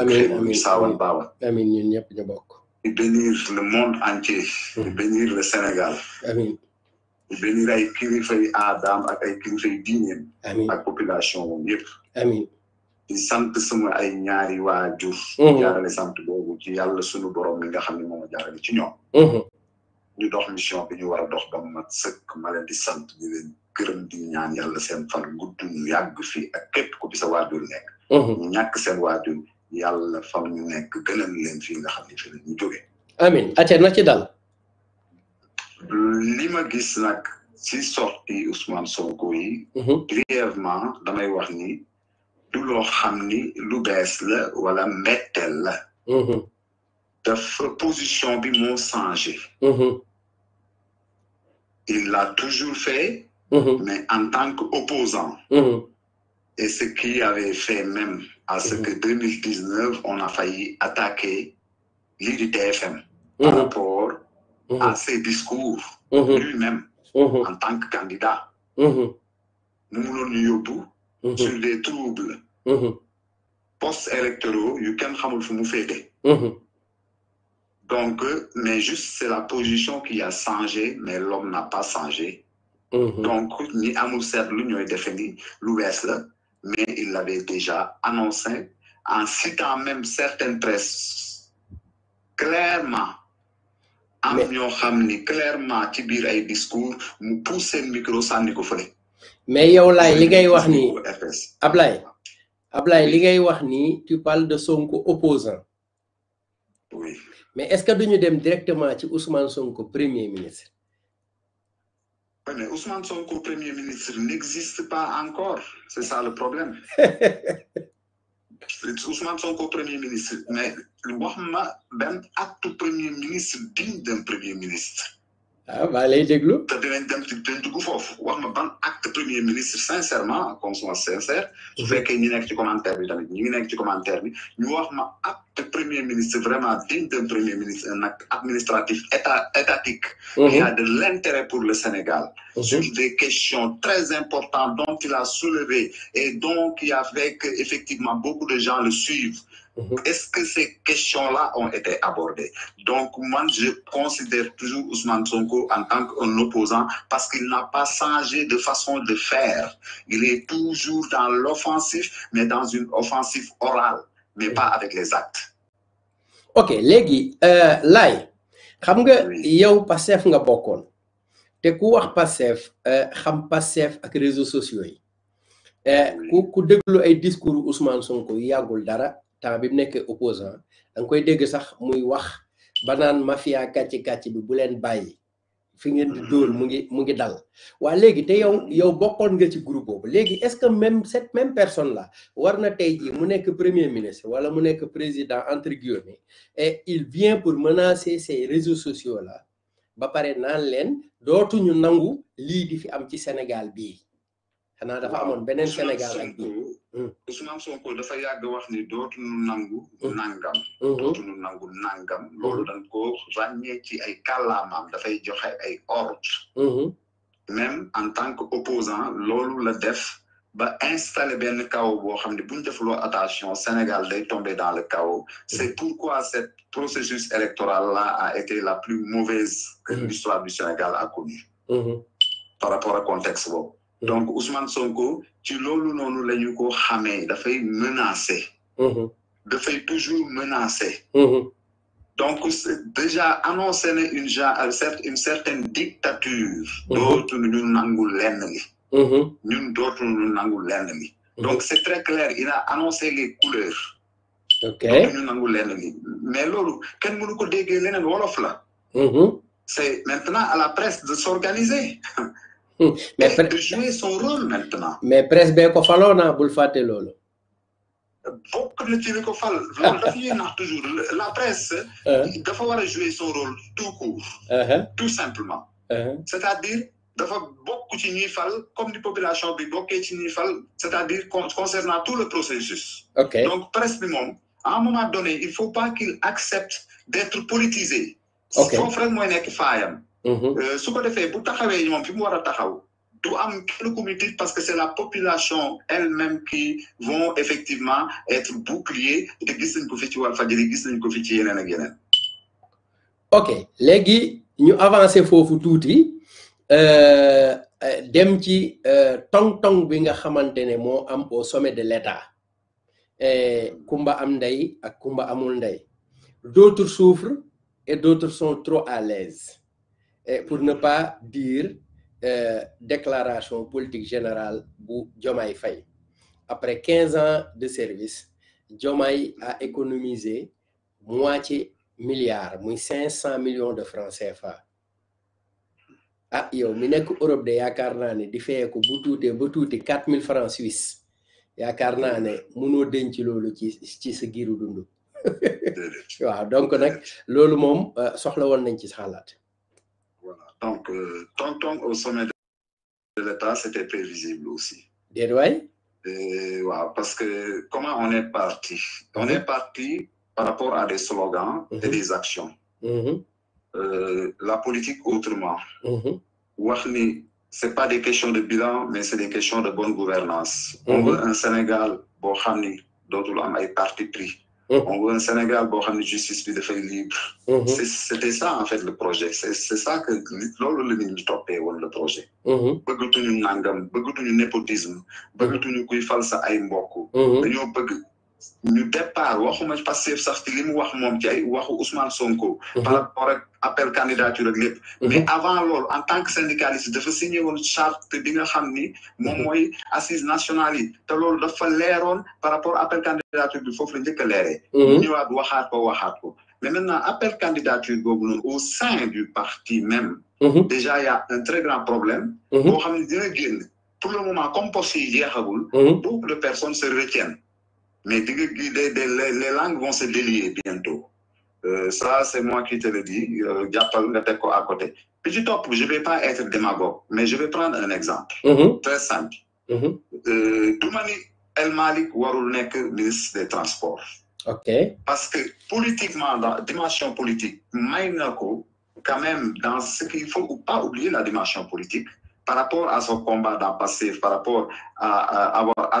amiin amiin saawan baawan ñëpp ñu bokk di bénir le monde entier mm. di bénir le Sénégal amiin di bénir ay kilifa yi aadaam ak ay ak population moom yëpp amiin di sant suma ay ñaari waajur mm-hmm. jaarale sant boobu ci yàlla sunu borom mi nga xam ne moom ci ñoom mm-hmm. ñu dox mission bi ñu war a dox ba mu mat sëkk ma di sant gërëm di ñaan yàlla seen fan gudd ñu yàgg fii ak ku bi waajur nekk mm-hmm. ñu ñàkk seen waajur yalla fam ñu nekk gënal leen fi nga xam ne fi la ñu jógee. amiin atia na ci dal. li ma gis nag si sorti Ousmane Sonko yi. Mhm. brièvement damay wax ni du loo xam ni lu bees la wala mettel la. Mhm. dafa position bi moo changé. Mhm. il a toujours fait. mais en tant que opposant et ce qui avait fait même à ce mhm. que 2019, on a failli attaquer l'IDTFM par mhm. rapport mhm. à ses discours lui-même en tant que candidat. Nous voulons sur des troubles post-électoraux, you can Donc, mais juste c'est la position qui a changé, mais l'homme n'a pas changé. Donc, ni avons l'Union est européenne, l'ouest mais il l'avait déjà annoncé en citant même certaines presses clairement am ñoo clairement ci discours nous pousse le micro sans ko mais yow tu parles de son opposant oui mais est-ce que nous dem directement ci Ousmane Sonko premier ministre mais Ousmane Sonko, Premier ministre, n'existe pas encore. C'est ça le problème. Ousmane Sonko, Premier ministre. Mais le Wahma, ben acte Premier ministre digne d'un Premier ministre. Ah, bah, maa acte premier ministre sincèrement qu'on soit sincère. je ne ñi nekk ci commentaire bi commentaire ni wax acte premier ministre vraiment digne d'un premier ministre un acte administratif étatique. qui mhm. a de l'intérêt pour le Sénégal. sur des questions très importantes dont il a soulevé et donc il a fait effectivement beaucoup de gens le suivent. Mhm. Est-ce que ces questions-là ont été abordées Donc, moi, je considère toujours Ousmane Sonko en tant qu'un opposant parce qu'il n'a pas changé de façon de faire. Il est toujours dans l'offensive, mais dans une offensive orale, mais pas avec les actes. OK, Légui, euh, Lai, xam nga yow Pastef nga bokkoon te ku wax Pastef euh, xam avec les réseaux sociaux yi euh, ku ku déglu ay discours Ousmane Sonko a dara tan bib neke opozant, an kwe dege sak mou yi wak, banan mafya kache kache bi, boulen baye, finye di doul, mounge dal. Wa lege, te yo bokpon ge ti groupo, lege, eske set mem person la, warna te yi, mounen ke premier ministre, wala mounen ke prezident entre guyon, e il byen pou menase se rezo sosyo la, bapare nan len, do toun yon nangou li di fi amti Senegal biye. xanaa dafa amoon beneen Sénégal ak hmm. Ousmane Sonko dafa yàgg wax ni dootuñu hmm. hmm. nangu nangam dootuñu nangu nangam loolu dañ ko ràññee ci ay kàllaamaam dafay joxe ay ordre même en tant que opposant loolu la def ba installé benn chaos boo xam ne buñ defloo attention Sénégal day tomber dans le chaos c'est pourquoi cette processus électoral là a été la plus mauvaise que histoire du Sénégal a connue par rapport à contexte boobu donc Ousmane Sonko ci loolu noonu la ñu ko xamee dafay menacé. Mhm. fay toujours menacé. Mhm. donc déjà annoncé une genre euh, une certaine dictature. Mhm. dootul ñu nangul lenn li. ñun dootul ñu nangul lenn donc c'est très clair il a annoncé les couleurs. ok ñu nangul lenn mais lolu quand mënu ko déggé leneen wolof la. c'est maintenant à la presse de s'organiser mais peut jouer son rôle maintenant. mais presse bien ko faloo naa hein, Vous lolo. faites, bokk na ko fal. toujours la presse. Uh-huh. doit war jouer son rôle tout court. Uh-huh. tout simplement. Uh-huh. c'est-à-dire dafa bokk ci ñuy faire, comme la population bi bokkee ci ñuy faire, c'est-à-dire concernant tout le processus. donc presse bi à un moment donné il ne faut pas qu'il accepte d'être politisé. ok foofu rek mooy nekk Mhm. Euh, su ko defee bu taxawee moom fi mu war Tout taxaw du am kenn parce que c'est la population elle-même qui vont effectivement être bouclier te gis ko fi ci ko fi ci ak ok légui ñu avancer touti euh dem ci tong-tong euh, bi nga xamantene mo am au sommet de l'État euh, kumba am ndey ak kumba amul ndey d'autres souffrent et d'autres sont trop à l'aise eh, pour ne pas dire eh, déclaration politique générale après 15 ans de service Jomai a économisé moitié milliard 500 millions de francs CFA. ah yo, minek Europe de Yakarnane, di feye ko bu 4000 francs suisse Yakarnane, mouno ne ci ci donc eh, ce donc, euh, tantôt au sommet de l'État, c'était prévisible aussi. Des euh, parce que comment on est parti On mhm. est parti par rapport à des slogans et mhm. des actions. Mhm. Euh, la politique autrement. Wahni, ce n'est pas des questions de bilan, mais c'est des questions de bonne gouvernance. On veut un Sénégal, Bohani, dont on est parti pris. Mhm. On veut un Sénégal pour une ne justice bi dafay libre. Mhm. c'était ça en fait le projet C'est ça que loolu le nit a toppee woon le projet. Mhm. Beaucoup de bëggatuñu népotisme de kuy fal sa ay mbokk. à bëgg ñu départ waxuma Pastef sax ci li mu wax moom ci ay waxu Ousmane Sonko. Mhm. par rapport ak appel candidature ak lépp. Mhm. mais avant loolu en tant que syndicaliste dafa signé woon charte bi nga xam ni. moom mhm. mooy assise nationale yi. te loolu dafa leeroon par rapport appel candidature bi foofu la njëkk a leeree. ñu ñëwaat waxaat ko waxaat ko mais maintenant appel candidature boobu noonu au sein du parti même. déjà y a un très grand problème. boo xam ne dina génn pour le moment comme poste yi jeexagul. beaucoup de personnes se retiennent. Mais les, langues vont se délier bientôt. Euh, ça, c'est moi qui te le dis. Euh, à côté. Petit top, je ne vais pas être démagogue, mais je vais prendre un exemple. Mhm. Très simple. Mhm. Euh, El Malik warul ministre des transports. ok parce que politiquement dans dimension politique quand même dans ce qu'il faut pas oublier la dimension politique par rapport à son combat dans le passé par rapport à, à avoir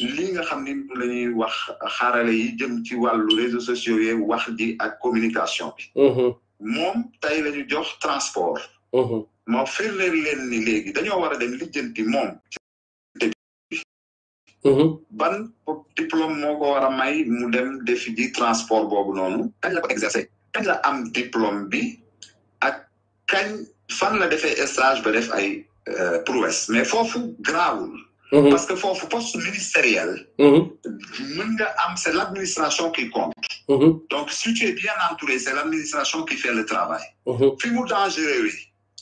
lii nga xam ni la ñuy wax xarale yi jëm ci wàllu réseaux sociaux yi wax ji ak communication mm-hmm. moom tey la ñu jox transport. Mm-hmm. ma firndeel leen ni léegi dañoo war a dem lijjanti moom. Mm-hmm. ban diplôme moo ko war a may mu dem defi transport boobu noonu. kañ la ko exercer kañ la am diplôme bi ak kañ fan la defee stage ba def ay euh, prouesse mais foofu grawul Mhm. parce que un poste ministériel. Mhm. c'est l'administration qui compte. Mhm. donc si tu es bien entouré c'est l'administration qui fait le travail. fi mu dangereux oui.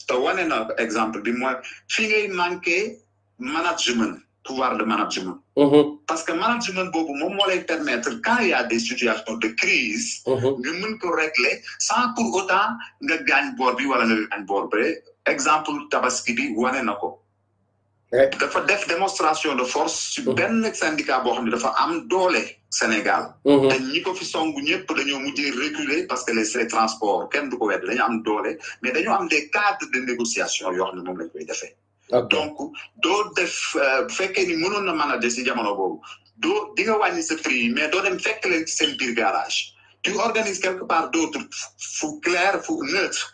Tu as un exemple dis-moi. fi manqué management pouvoir de management. parce que management beaucoup moi moi permettre quand il y a des situations de crise de mën régler sans pour autant nga gagne le bi wala nga exemple tabaski tu as un Eh. dafa def démonstration de force. ci mm-hmm. benn syndicat boo xam ne dafa am doole Sénégal. Mm-hmm. te ñi ko fi song ñëpp dañoo mujjee reculer parce que les transports kenn du ko wedd dañu am doole mais dañoo am des cadres de négociation yoo xam moom lañ koy defee. donc doo def euh, bu fekkee ni mënoon na mën de si jamono boobu doo di nga wàññi sa prix yi mais doo dem fekk leen ci seen biir garage. tu organises quelque part d' autre fu clair fu neutre.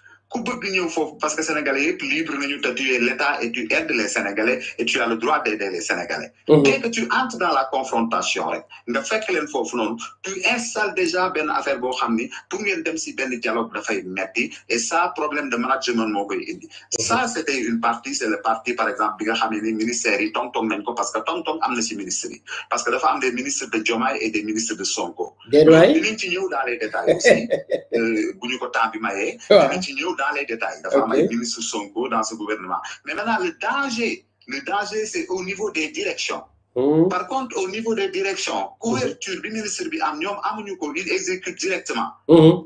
parce que sénégalais sont libres, nañu te tu es l'État et tu aides les sénégalais et tu as le droit d'aider les sénégalais. Mhm. dès que tu entres dans la confrontation rek fait que tu installes déjà une affaire pour xam pour ngeen dem si benn dialogue de metti et ça problème de management ça mhm. c'était une partie c'est le parti par exemple qui nga xam les ministères parce que tong il y na parce que am des ministres de Diomaye et des ministres de Sonko. dinañ ci dans les détails aussi euh, bu ñu ko des dans les détails. Sonko dans ce gouvernement mais maintenant le danger le danger c'est au niveau des directions hmm. par contre au niveau des directions hmm. couverture du ministre de am il exécute directement hmm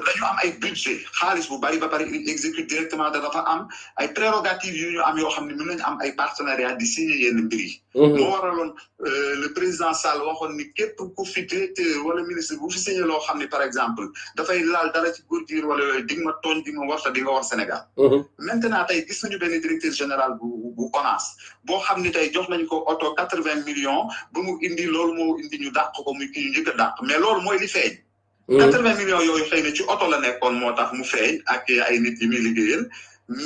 dañu am ay budget xaalis bu bari ba pare il exécute directement dafa am ay prérogatives yu ñu am yoo xam ne mën nañu am ay partenariat di signer yenn mbir yi moo waraloon euh, le président Sall waxoon ni képp ku fi directeur wala ministre bu fi signé loo xam ne par exemple dafay laal dara ci góor jigéen wala yooyu di nga ma tooñ di nga warta di nga war Sénégal maintenant tey gis nañu benn directeur général bu bu ONAS boo xam ne tey jox nañ ko auto 80 millions bu mu indi loolu moo indi ñu dàq ko muy ki ñu njëkk a dàq mais loolu mooy li feeñ Mm. quatre-vingts millions yooyu xëy ci oto la nekkoon moo tax mu feeñ ak ay nit yi muy liggéeyal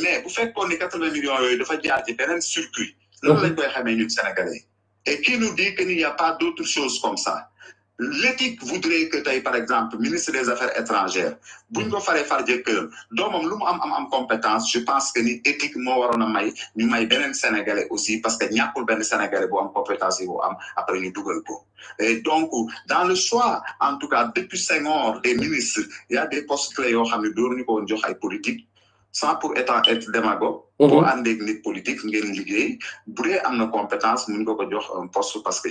mais bu fekkoon ni quatre-vingts millions yooyu dafa jaar ci beneen circuit loolu mm. lañ koy xamee ñun sénégalais et qui nous dit que n'y a pas d'autre chose comme ça l'éthique voudrait que aies, par exemple ministre des affaires étrangères buñ ko far compétence je pense que l'éthique, éthique may sénégalais aussi parce que sénégalais compétence après et donc dans le choix en tout cas depuis ans, des ministres y a des postes clés sans pour être démagogue mhm. pour pour politique compétence parce que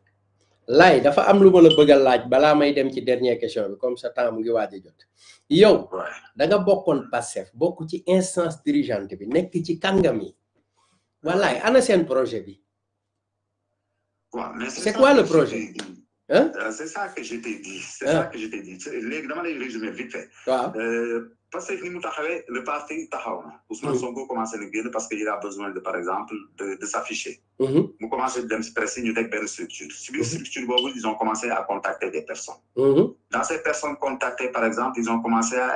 lay dafa am lu ma la bëgg laaj balaa may dem ci dernière question bi comme sa temps mu ngi waaj a jot yow danga nga bokkoon Pastef bokk ci instance dirigeante bi nekk ci kàngam yi wallaay ana seen projet bi c'est quoi le projet hein c'est ça Parce que le parti taxaw Ousmane mm. Sonko commencé le guider parce qu'il a besoin de par exemple de de s'afficher. Mm-hmm. mu commencé dem si presse une structure. si une mm-hmm. structure ils ont commencé à contacter des personnes. Mm-hmm. dans ces personnes contactées par exemple ils ont commencé à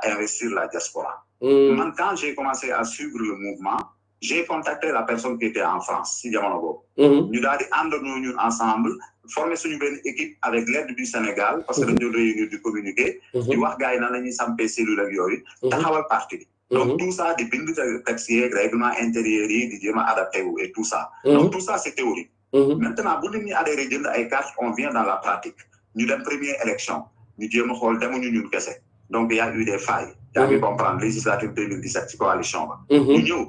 à investir la diaspora. Maintenant j'ai commencé à suivre le mouvement. j'ai contacté la personne qui était en France Sidi jamono Nous Nous dit, Nous ensemble Formez une nouvelle équipe avec l'aide du Sénégal parce que nous mhm. doon réunir du communiqué, mhm. du wax gars yi nan la ñuy cellule ak yooyu mhm. taxawal parti donc tout ça des bind de taxier, des intérieur yi di jéem adaptés et tout ça donc tout ça c'est théorique maintenant bu nit ñi adhéré jënd ay on vient dans la pratique ñu dem première élection ñu jéem a xool demuñu ñun kese donc y a eu des failles Il y eu ngi comprendre législative 2017 ci les ba ñu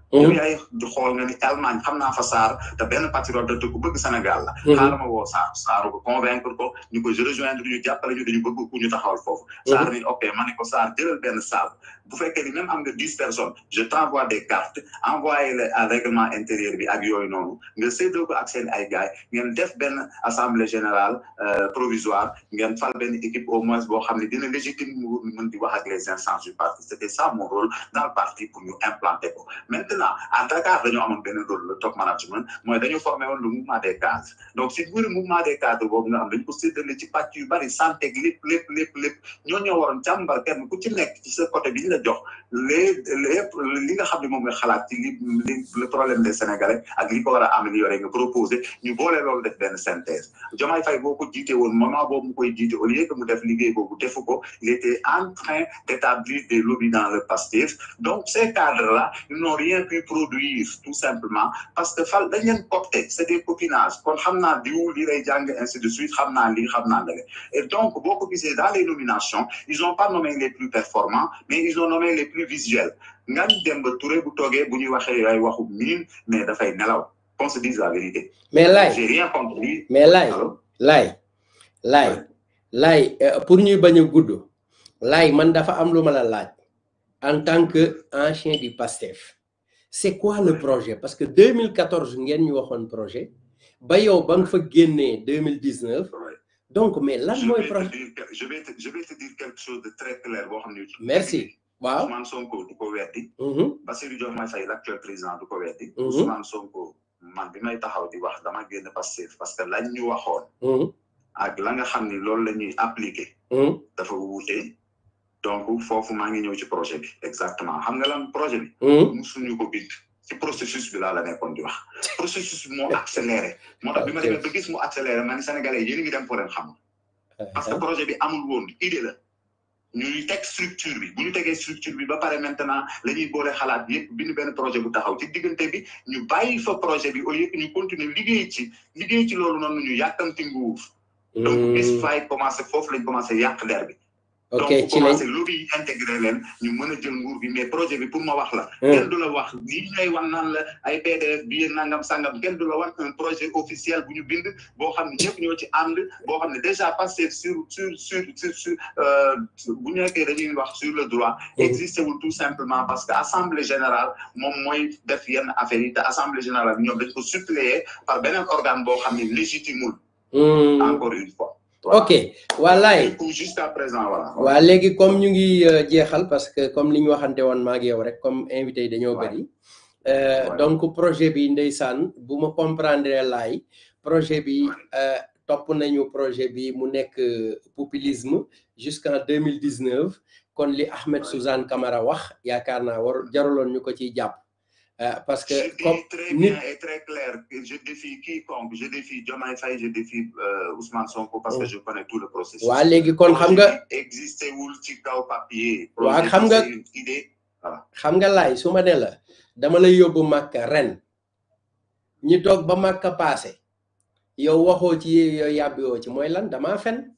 Hum. yow yaay di xool nga ni Allemagne xam naa fa Sarr te benn patriote de ku bëgg Sénégal la. Hum. xaaral ma woo Sarr Sarr ko convaincre ko ñu ko rejoindre ñu jàppale ñu dañu bëgg ku ñu taxawal foofu. Hum. Sarr ni ok ma ne ko Sarr jëlal benn salle bu fekkee ni même am nga dix personnes je t'envoie des cartes envoyé le à règlement intérieur bi ak yooyu noonu nga séddoo ko ak seen ay gaay ngeen def benn assemblée générale euh, provisoire ngeen fal benn équipe au moins boo xam ne dina légitime mu mën di wax ak les instances du parti c'était ça mon rôle dans le parti pour ñu implanter ko maintenant maintenant à Dakar dañoo amoon benn rôle le top management mooy dañu formé woon le mouvement des cadres donc si biir mouvement des cadres boobu nga xam dañu ko séddale ci pàcc yu bari santé ak lépp lépp lépp lépp ñoo ñoo waroon càmbar kenn ku ci nekk ci sa côté bi ñu la jox les lépp li nga xam ne nga xalaat li le problème des Sénégalais ak li ko war a améliorer nga proposé ñu boole loolu def benn synthèse Diomaye Faye boo ko jiite woon moment boobu mu koy jiite au lieu que mu def liggéey boobu defu ko il était en train d'établir des lobbies dans le pastif. donc ces cadres là ils n'ont rien pu produire tout simplement parce que fal dañ leen copté c' des copinages kon xam naa diw lii lay jàng ainsi de suite xam naa lii xam et donc boo ko gisee dans les nominations ils ont pas nommé les plus performants mais ils ont nommé les plus visuels Ngagne Demba Touré bu toogee bu ñuy waxee ay waxu mais dafay nelaw qu'on se dise la vérité. mais laay j'ai rien contre lui mais laay laay laay laay euh, pour ñuy bañ a gudd laay man dafa am lu la laaj en tant que ancien du PASTEF c'est quoi le projet parce que 2014 ngeen ñu waxoon projet ba yow ba nga fa génnee 2019 donc mais lan mooy je vais te je vais te dire quelque chose de très clair boo xam merci waaw Ousmane Sonko du ko weddi mm-hmm. Bassirou Diomaye Faye l'actuel président du ko weddi mm-hmm. Ousmane Sonko man bi may taxaw di wax dama génn parce que lañ ñu waxoon mm-hmm. ak la nga xam ni loolu la ñuy appliqué dafa wuute donc foofu maa ngi ñëw ci projet bi exactement xam nga lan projet bi. Hmm? suñu ko bind. ci processus bi laa la nekkoon di wax. processus moo tax ma demee gis mu accéléré man Sénégalais yéen a ngi dem pour leen xam. Eh, parce que eh. projet bi amul woon idée la. ñuy teg structure bi bu ñu tegee structure bi ba pare maintenant lañuy ñuy boole xalaat yëpp bi ñu benn projet bu taxaw ci diggante bi ñu bàyyi fa projet bi au lieu ñu continuer liggéey ci liggéey ci loolu noonu ñu yàkkamti nguur. Hmm. donc bis fay commencé foofu lañ commencé yàq der bi. ok donc commencé lobby yi intégré leen ñu mën a jël nguur bi mais projet bi pour ma wax la. Hmm. kenn du la wax lii ñooy wax naan la ay PDF bii nangam sangam kenn du la wax un projet officiel bu ñu bind bo xamni ne ñoo ci and bo xamni déjà passé sur sur sur sur euh, bu ñu nekkee dañuy wax sur le droit. Hmm. existé wul tout simplement parce que assemblée générale mom moy def yenn affaire yi assemblée générale ñoom dañ ko suppléer par benen organe bo xamni légitimul. Hmm. encore une fois. ok walaay waa léegi comme ñu ngi jeexal parce que comme li ñu waxante woon maa ngi yow rek comme invité yi dañoo bëri donc projet bi ndeysaan bu ma comprendre laay projet bi eh, topp nañu projet bi mu nekk populisme jusqu' en 2019 kon li ahmed suzane kamara wax yaakaar naa war jaruloon ñu ko ciy jàpp Eh, parce que je comme, très bien ni... et très clair. Je défie quiconque, je défie John Haïfaï, je défie euh, Ousmane Sonko parce oh. que je connais tout le processus. Ouais, les gicons, comme ça. Exister ou le ticket au papier. Ouais, comme ça. Xamga lay suma ne la dama lay yobbu makka ren ñi tok ba makka passé yow waxo ci yow yabbi wo ci moy lan dama fenn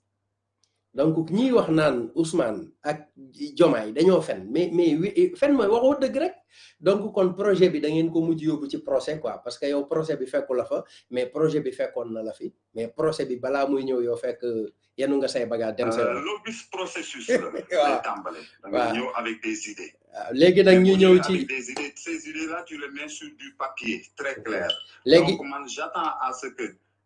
donc ñiy wax naan Ousmane ak Jomaay dañoo fen mais mais fen mooy waxo dëgg rek donc kon projet bi da ngeen ko mujj yóbbu ci procès quoi parce que yow procès bi fekku la fa mais projet bi fekkoon na la fi mais procès bi bala muy ñëw yow fekk yenu nga say baga dem sa euh, lobus processus la waaw tàmbale da nga ñëw avec des idées ah, léegi nag ñu ñëw ci des idées ces idées là tu les mets sur du papier très clair léegi donc man j'attends à ce que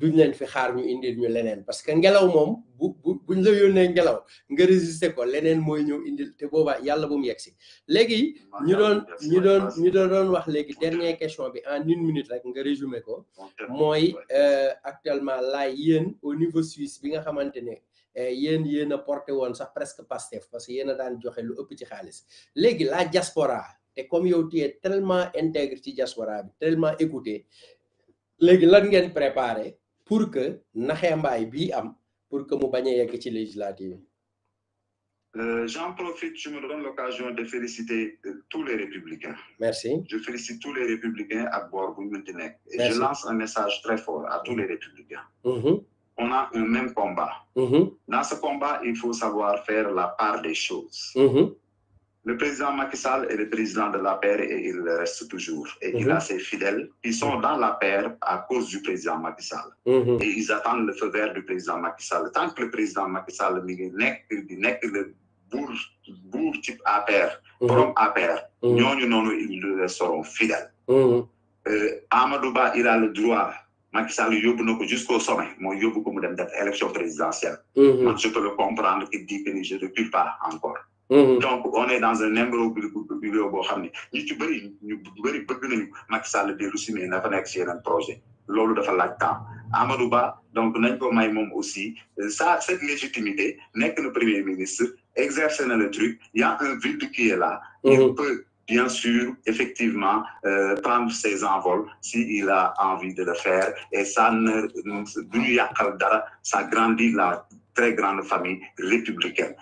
duñ leen fi xaar ñu indil ñu leneen parce que ngelaw moom bu bu buñ la yónnee ngelaw nga résister ko leneen mooy ñëw indil te boobaa yàlla bu mu yegg si léegi ñu doon ñu doon ñu doon wax léegi dernière question bi en une minute rek nga résumé ko mooy euh, actuellement laay yéen au niveau suisse bi nga xamante ne euh, yéen yéen a porté woon sax presque Pastef parce que yéen a daan joxe lu ëpp ci xaalis léegi la diaspora te comme yow tu es tellement intègre ci diaspora bi tellement écouté léegi lan ngeen pour que naxembaay bi am pour que mu ci législative euh, J'en profite, je me donne l'occasion de féliciter euh, tous les républicains. Merci. Je félicite tous les républicains à Bourg-Multinec. Et je lance un message très fort à tous les républicains. Mm-hmm. On a un même combat. Mm-hmm. Dans ce combat, il faut savoir faire la part des choses. Mm-hmm. Le président Macky Sall est le président de la paire et il reste toujours. Et il mhm. a ses fidèles qui sont dans la paire à cause du président Macky Sall. Mhm. Et ils attendent le feu vert du président Macky Sall. Tant que le président Macky Sall n'est que le bourg type à paire, mm -hmm. à paire, ils resteront fidèles. Mhm. Euh, Amadouba, il a le droit Macky Sall jusqu'au sommet mooy a ko mu dem élection présidentielle. je peux le comprendre et dit que je ne recule pas encore. Mm-hmm. donc on est dans un numéro au xam ne ñu ci bari ñu bari bëgg nañu Macky Sall dellu si mais dafa nek ci projet lolu dafa laaj temps Amadou Ba donc nañ ko may mom aussi ça cette légitimité que le premier ministre exercer na le truc Il y a un vide qui est là. il mm-hmm. peut bien sûr effectivement euh, prendre ses envols s'il a envie de le faire et ça ne du dara ça grandit la très grande famille républicaine.